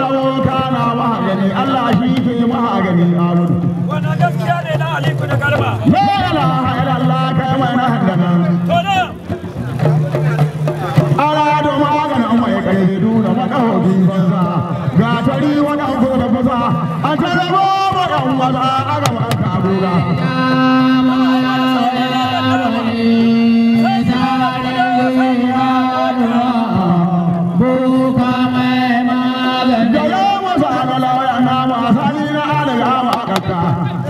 walau kana Allah shi ke wannan gaskiya ne na aliku da garba la ilaha illallah kai mai na to da ala do maganin mai kai banza ga tari da banza a tarabo ba dan wala ma sani na I'm ma kaka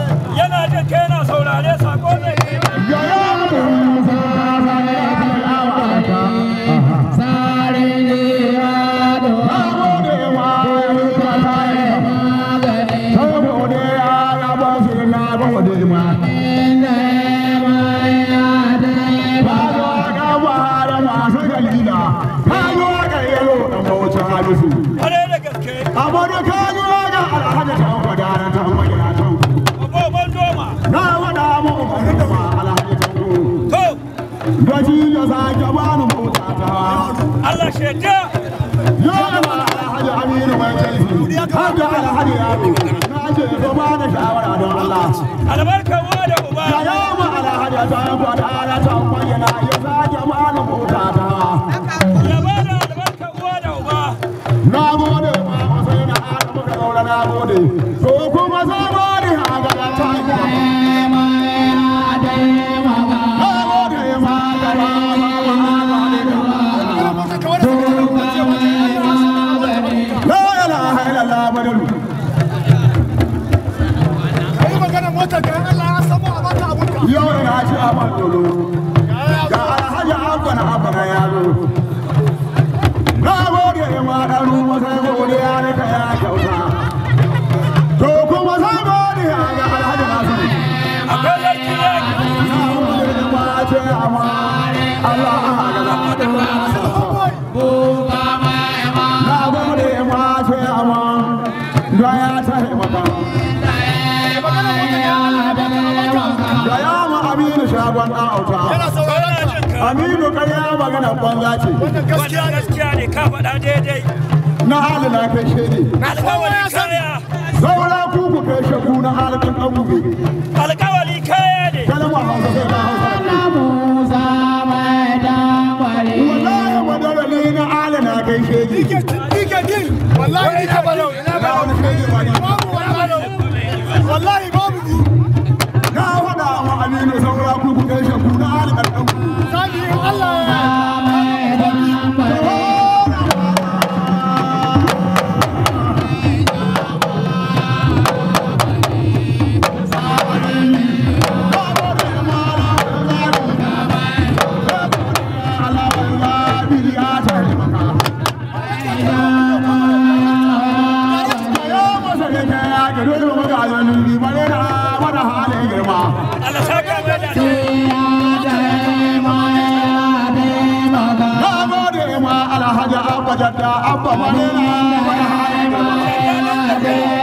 kashe ta yawa alhaji aminu mai kai har da alhaji yaro na ake zo ba da shawara don Allah albarka wa da uba ya yawa alhaji ta yi ba da ala ta bayyana ya sake mana mota ta ya ba da albarka wa da uba na gode ma sai na adamu da gaura na gode yau da haji abin dolo ga alhaji abin abin ya zo na gode ma ɗanu masai gode ya rika ya kyauta to kuma sai gode ya ga alhaji nasu a kan da ma ce amma Allah aminu karya magana banza ce gaskiya gaskiya ne ka faɗa daidai na hali na kai shede alƙawari kaya saura ku ku kai shaku na halin ɗan gobe alƙawari kaya ne kalmar hausa sai na hausa Amiri ya taimaka. Alhaji Abba Jadda Abba Manila wani halin girma.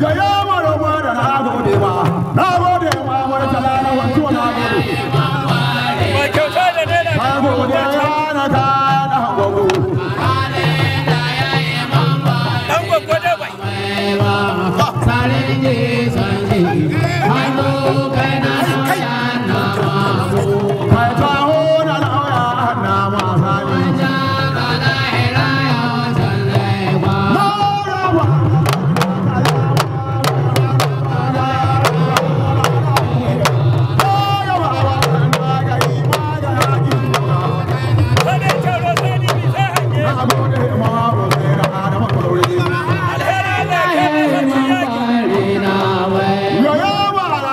Gayama!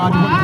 Madhu.